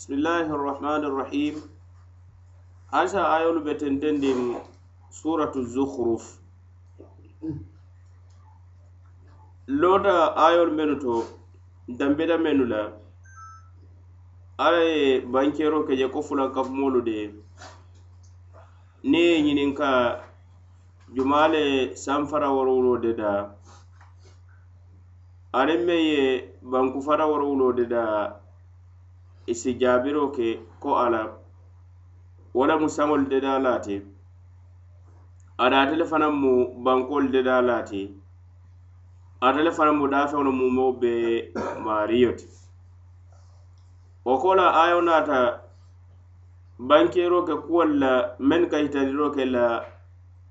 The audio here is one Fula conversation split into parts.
bisimillahi rahmani rahim aca ayolu be tentendin suratu zukhruf lota ayolu menu to dambeda menu la alaye bankero keje ko fulan kafumolu de niye ñininka jumale sanfara warowulo de da aniŋ meŋ ye bankufara warowulo de da isi e jabiro ke ko ala wala musamol de dalati ada telefona mu bankol de dalati ada telefona mu dafa no mu mo be mariot o kola ayonata bankero ke kuwalla men ka hitadiro ke la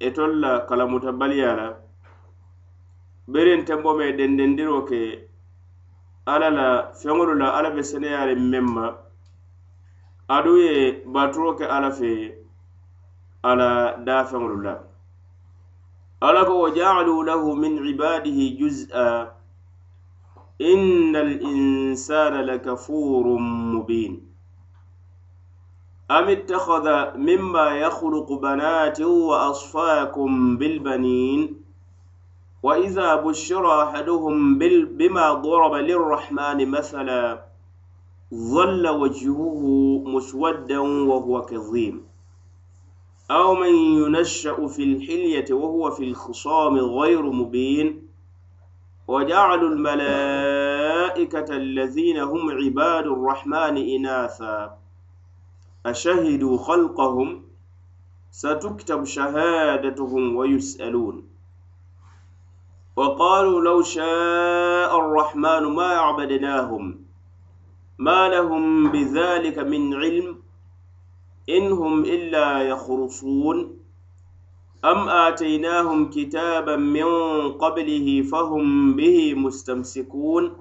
etolla kalamuta baliyala berin tembo me dendendiro ke ala la feŋolu la ala be seneyaariŋ meŋ ma aduŋ ye baturo ke ala fe ala daafeŋolu la ala ko wa jaaluu lahu min ibadihi juz'a inna alinsana lakafurun mubin am ittakhadha mimma yakhluqu banatin wa asfaakum bilbanin وإذا بشر أحدهم بما ضرب للرحمن مثلا ظل وجهه مسودا وهو كظيم أو من ينشأ في الحلية وهو في الخصام غير مبين وجعلوا الملائكة الذين هم عباد الرحمن إناثا أشهدوا خلقهم ستكتب شهادتهم ويسألون وقالوا لو شاء الرحمن ما عبدناهم ما لهم بذلك من علم إن هم إلا يخرصون أم آتيناهم كتابا من قبله فهم به مستمسكون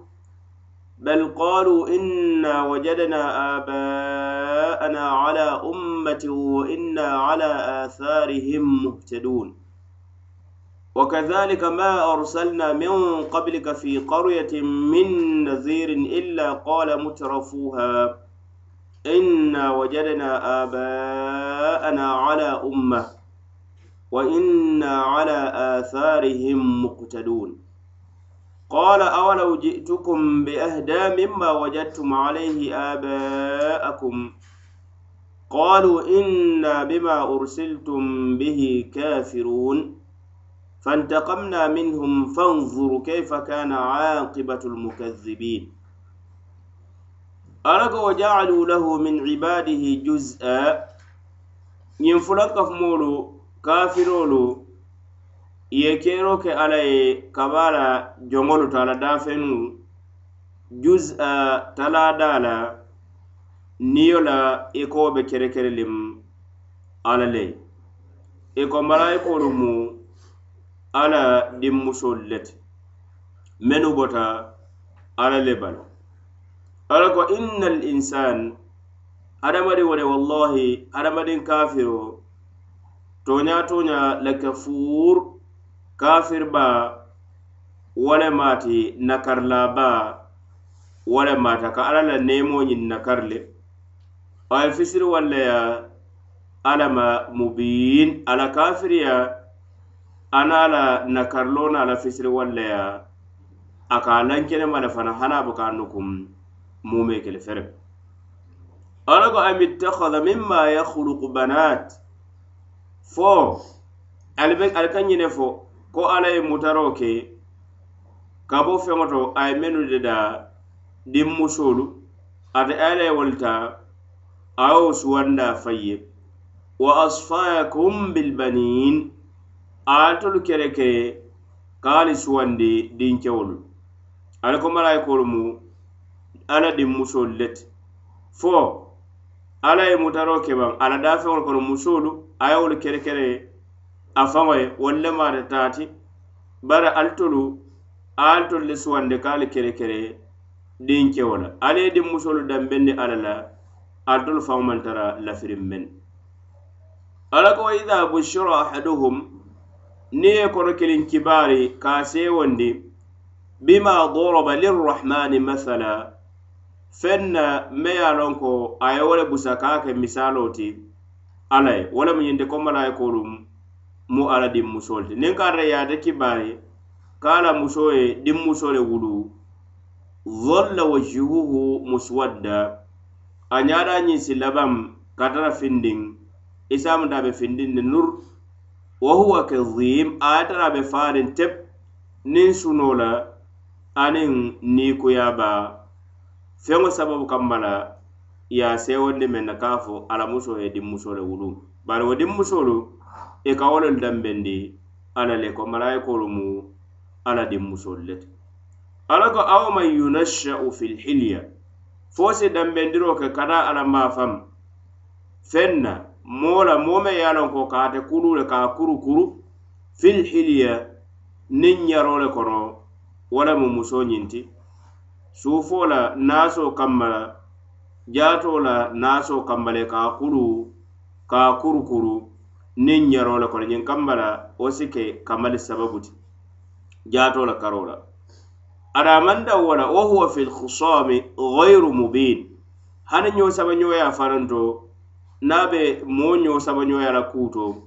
بل قالوا إنا وجدنا آباءنا على أمة وإنا على آثارهم مهتدون وكذلك ما أرسلنا من قبلك في قرية من نذير إلا قال مترفوها إنا وجدنا آباءنا على أمة وإنا على آثارهم مقتدون قال أولو جئتكم بأهدى مما وجدتم عليه آباءكم قالوا إنا بما أرسلتم به كافرون فانتقمنا منهم فانظر كيف كان عاقبة المكذبين أرق وجعلوا له من عباده جزءا ينفلق مولو كافرولو يكيروك علي كبارا جمولو تالا دافنو جزءا تلا دالا نيولا إكو بكركر لم على لي إكو ملايكو ala din muso leti menu bota ala le bano ala ko innal insan adamadi wode wallahi adamadin kafiro toña toña lake fuur kafir ba wale mati nakarla ba wale mata ka ala la nemoñin nakarle ay fisir walleya alama mubin ala kafiriya ana la nakarlo na la fisiri walla ya a ka lankene mala fana hana bu ka nukum mume kele fere ala ko am ittakhadha mimma yakhluqu banat fo albe alkanyine fo ko ala e mutaro ke kabo fengoto ay menu de da dim musulu ada ala walta aw suwanda fayyib wa asfaakum bil banin atolu kere ke kaali suwandi dinkewolu ala ko malayikolu mu ala din musolu leti fo ala ye mutaro keban ala dafeŋolu kono musolu ayewolu kerekere a faŋoye wolle mata taati bari ali tolu ali tolu le suwandi kaali kerekere dinkewola ala ye din musolu danbendi ala la ali tolu faŋo man tara lafirin men ala ko waiha bushira ahaduhum Ni ye kono kiliŋ kibaari ka a seewondi bima doroba lirrahmani masala feŋ na me ye a loŋ ko a ye wo busa ka a ke misaaloo ti alla ye wo ñiŋ ko ye mu alla diŋ musoolu ti niŋ ka da Kibari kibaari ka a la musoo ye diŋ musoo le wulu muswadda a ñaada ñiŋ si labaŋ ka tara findiŋ isaamu ta a be nur wa huwa kadhim a tara be farin teb nin suno la aniŋ niikuyaba feŋo sababu kamma la ye a sewondi meŋ na ka fo ala muso ye dimmuso le wulu bari wo dimmusolu i e ka wo lelu ala le ko malayikolu mu ala dimmusolu le ala ko awo man yunashau fi fo si dambendiro ke kada ala maa fam feŋ moola moo meŋ ye a loŋ ko ka ate kulu le ka a kuru kuru filhiliya niŋ ɲaro le kono wo le mu musoo ñinti suufoo la naasoo kanma la jaatoo la naasoo kanma le ka a kulu ka a kuru kuru niŋ ɲaro le kono ñiŋ kanma la wo si ke kamali sababu ti jaatoo la karoo la adamanda wala wo huwa fi lhusami gayru mubin hani ñoo sabañoo ye a fananto na be moño samañoyala kuto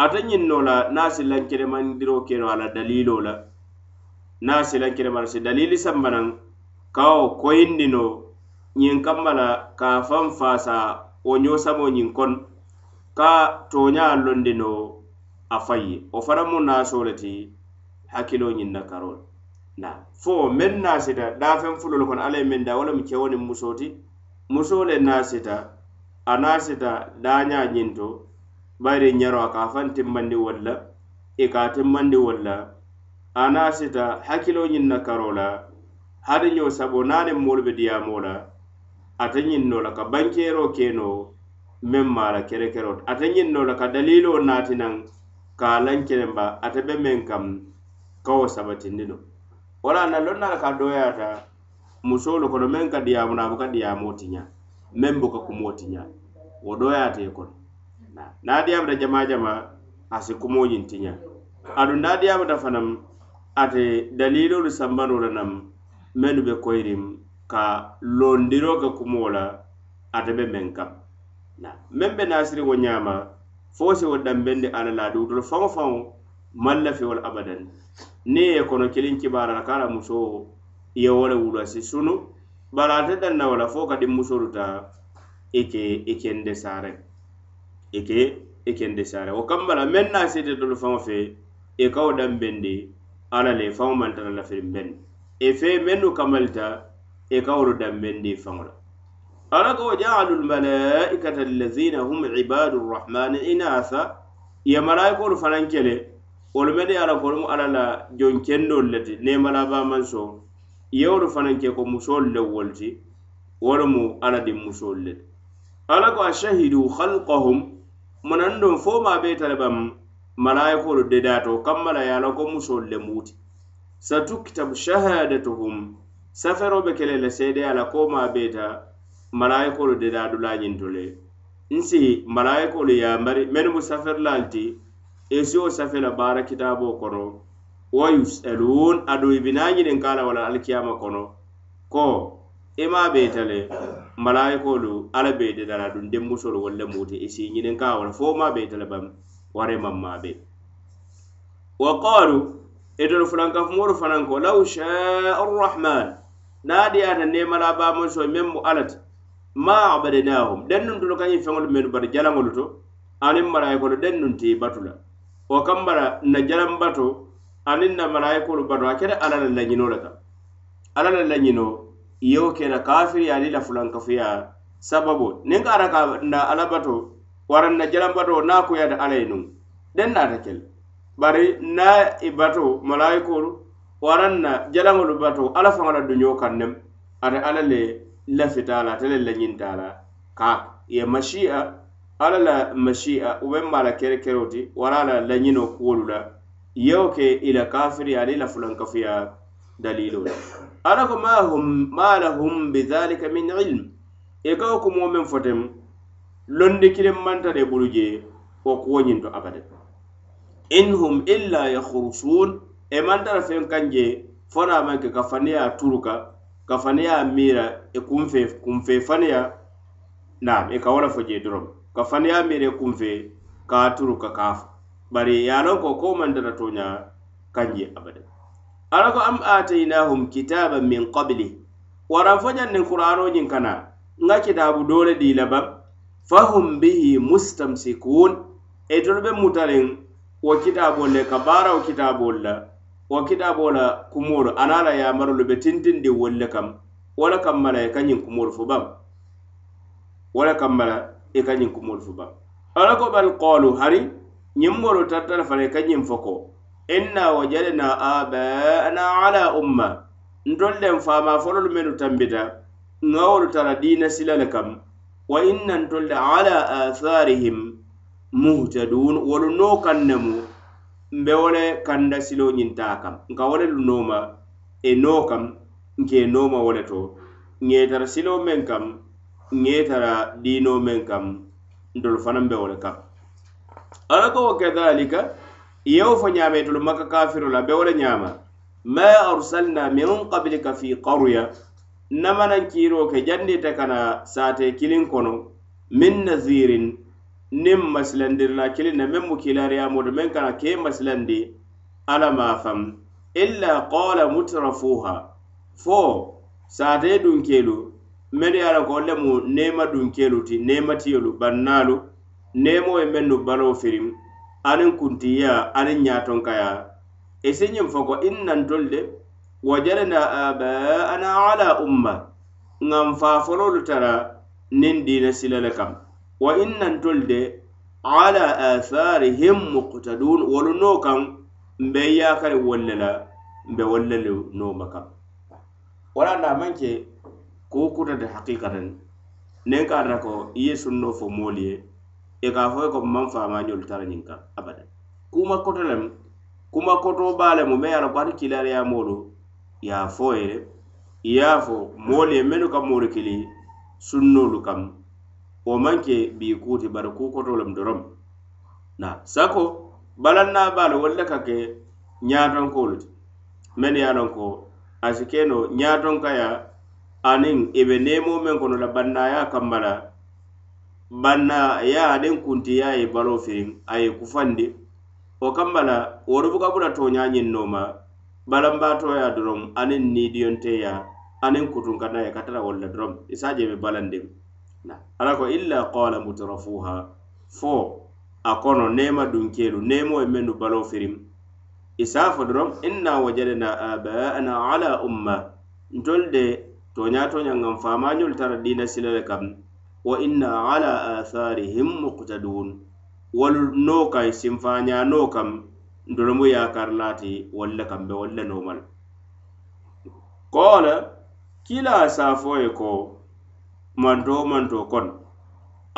ata ñinnola na silankeremandiro keno ala dalilo la na silankeremala si dalili sambanan kawo koyindino ñin kammala ka fan fasa wo ño samo ñin kon ka toña londino a fayi o fana mu nasoleti hakkilo ñin na karol na fo men nasita dafen fulol kon ala men da wala mu kewoni musoti musole nasita anasita daña ñinto bayri ñaro a e ka fan timmandi walla i ka timmandi walla anasita hakkilo ñin na karola hada ño sabo nani moolu be diyamo la ata ñinnola ka bankero keno meŋ mala kerekero ata ñinnola ka dalilo natinan ka lankenemba ata be meŋ kam kawo sabatindi no wala na lonnala ka doyata musolu kono meŋ ka diyamo na buka diyamo tiña meŋ buka kumoo tiña wo doyaate kono naadiyaabata jama jama a si kumoo ñiŋ tiña aduŋ naadiyaabata fanaŋ ate daliloolu sambanoo la naŋ mennu be koyiriŋ ka londiroo ke kumoo la ate be meŋ kaŋ na meŋ be naasiri wo ñaama fo si wo dambendi alla la duutolu faŋo faŋo maŋ la fiwo la abadan niŋ ye kono kiliŋ kibaara la ka a la musoo ye wo le wulasi sunu barate danna wala fo kadi musoluta ike ikende sare ike ikende sare o kambala men na sete dol fama fe e kaw dan bendi ala le fama mantara la fir ben e fe menu kamalta e kaw ru dan bendi fama ala ko ja'alu al malaikata allazina hum ibadu arrahman inasa ya malaiko fanankele wol mede ala ko ala la jon kendo lati ne malaba man so yewolu fanaŋ ke ko musolu le wol ti wo lo mu alla diŋ musolu le alla ko ashahidu halkahum manaŋ doŋ fo ma be tale baŋ malayikolu dedaato kamma la ye a la ko musolu le muuti satukitabu shahadatuhum safero be kele le seede a la ko ma beta malayikolu dedaadu la ñinto le nsi malayikolu yambari menu mu safer laal ti esi wo safe la baara kitaaboo kono wa yusaluun aɗo ibinañinen kala wala alkiyama kono ko ima ɓeetale malayikolu ala ɓeyde dala ɗum dembusol walla muti i e siñinen ka wala fo ma ɓeetale ba waremam maɓe wa qalu etol fulankafumoru fanan ko law shaa arrahman naɗiyata nemala bamon so men mo alati ma abadenahum den num tolo kañi feŋolu menu bata jalaŋolu to anin malayikolu den num ti batula wa kambara na jalan bato anin na malaikolu bato a kene ala la lañino le ta ala la lañino iyo kena kafiri ali la fulankafuya sababo nin ka ara ka na ala bato waran na jalan bato na kuya da ala yinu den na ta kele bari na i bato malaikolu waran na jalangolu bato ala fangala dunyo kannem ara ala le lafitala tele lañintala ka ye mashi'a ala la mashi'a u be mala kerekeroti wara la lañino kuwolu la kere yewo ke ila kafiri ani lafulan kafuya dalilo la ala ko ma hum ma lahum bidhalika min ilm e ka ko mo men fotem londi kilen manta de buruje o ko to abade in hum illa yakhrusun e manta fe kanje fona man ke kafaniya turuka kafaniya mira e kumfe kumfe faniya na e ka wala foje drom kafaniya mira e kumfe ka turuka kafa bari ye a lon ko ko mandata toña kanji abada ala ko am atainahum kitaba min qabli waran fojannin qur'anoñin kana nga kitabu dole di laban fahum bihi mustamsikun e tolu be mutalin wo kitabol le ka baarawo kitabol la wo kitabol la kumoolu ana la yamarolu be tintindi wolle kam wala kammala e kañin kumoolu fu bam wala kammala e kañin kumoolu fu bam ala ko bal qoolu hari ñimmolu tartara fale ka ñiŋ foko inna wajadna abana ala umma ntol len faama fololu menu tambita ŋawolu tara diina sila le kam wa inna ntol le ala atharihim muhtadun wolu noo kaŋ nemu mbe wole kanda silo ñinta kam nka wole lu nooma e noo kam nke nooma wole to ŋe tara silo meŋ kam ŋe tara diino meŋ kam ntolu fanaŋ be wole kam alako wa kadhalika iyewo fo ñametolu maka kafirola be wole ñama ma arsalna min qablika fi qarya namanan kiro ke jandite kana sate kilin kono min nazirin nin masilandirla kilin na men mu kilariyamodo men kana ke masilandi ala ma fam illa qala mutrafuha fo sate dunkelu men yara ko lemu nema dunkelu ti nema tiyolu bannalu nemo ye men nu baloo firim aniŋ kuntiya aniŋ ñaatoŋ kaya i e si ñiŋ fo ko iŋ nantol de wajalana abaana ala umma ŋan faafololu tara niŋ diina sila le kam wa iŋ nantol de ala aatharihim muktadun wolu noo kaŋ mbe yaakari wolle la mbe wolle lu noo ma kaŋ wala na maŋ ke kuu kutata haqiqatan niŋ ka ata ko i ye sunnoo fo moolu ye e ka fo ko man faamañolu tara ñiŋ kaŋ abadan kuma koto lem kuma koto baa lemu me ye a la ko ate kilariyamolu ye a fo ye le i ye a fo moolu ye mennu ka moolu kili sunnolu o wo maŋ ke bii kuuti bari ku koto lemu doroŋ na sako balaŋ naa baa le wolu le ka ke ñaatonkolu ti mennu ye a loŋ ko a si ke no ñaatonka ya aniŋ i be neemoo meŋ kono la bannaayaa kamma la banna ya aden kunti ya yi e baro firin a yi e kufandi o kambala wori buka buna to nyanyin noma balan ba to ya drom anin ni diyon te ya anin kutun kana ya katara wala drom isa je be balan din na ala ko illa qala mutrafuha fo akono nema dunkelu nemo e menu balo firin isa fo drom inna wajadna abaana ala umma ntolde to nyato nyangam fama nyul tara dina silale kam wa inna ala atharihim muqtadun wal no kay simfanya no kam ndolmu ya karlati walla kam be walla normal kola kila safo e ko manto manto kon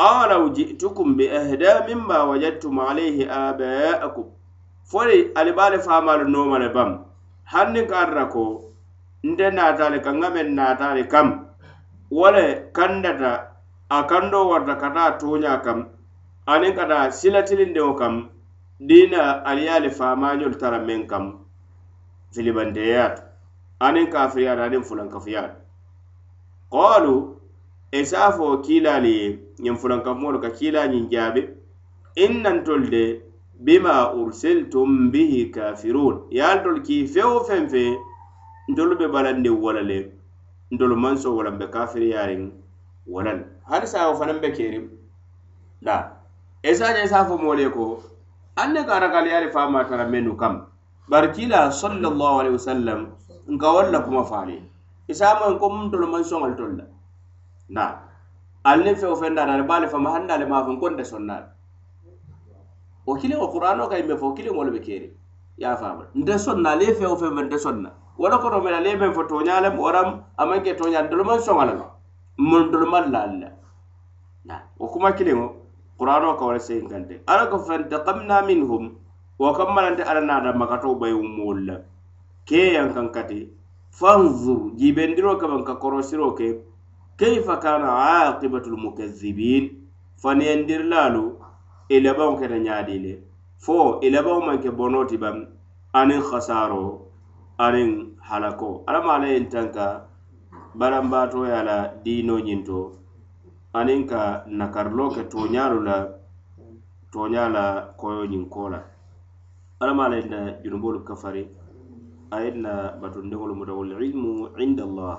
alaw jitukum bi ahda mimma wajadtum alayhi aba'akum fori alibale famal normal e bam hanni karra ko nde natale kangamen natale kam wala kandata a kando warta kata toña kam aniŋ kata silatilindiŋo kam diina ali e ye ali faamañolu tara meŋ kam filibanteyaatu aniŋ kafiriyaatu aniŋ fulankafuyaatu qolu i se a fo kiilaalu ye ñiŋ fulankafumoolu ka kiilañiŋ jaabi innantolu de bima ursiltum bihi kafirun ye ali tolu kii feŋ wo feŋ fe ntolu be balandiŋ wala le ntolu maŋ so walaŋ be kafiriyaariŋ wala le halisa o fanaŋ be kerim la esaja isa fo moolu ye ko aŋ ne ka arakaliyaalu faamatara menu kam bari kiila sallallahu alaihi wasallam nka wolu la kuma faali isaamaŋ ko mun to man soŋolu tolu la na ali niŋ feŋ feŋ daata ali baa le ma hanna ali maa fo nko nte o le wo qur'ano ka yimme fo kile mole be kerim ya a faama nte sonna le fe feŋ feŋ fe nte sonna wala ko koto mena ali ye meŋ fo tooñaa lem waraŋ a maŋ ke tooñaa ntolu maŋ soŋa man la muŋ o kuma kiliŋo qur'ano ka wara seyin kante ala ko fa intakamna minhum wa kammalante ala naata makato bayi moolu la keyan kan kati fanzur jibendiro kaban ka korosiro ke kayfa kana aqibatul mukazzibin faniyandirlaalu i labaŋo kete ñaadile fo i labaŋo maŋ ke bonoti ban aniŋ hasaro aniŋ halako alama ala yen tan ka balambaatoya la diino ñinto aniŋ ka nakarilo ke toñaalu la toña la koyo ñinko la alama la yedna junuboolu kafari a yedna batundiŋolu mutawolilmu indallah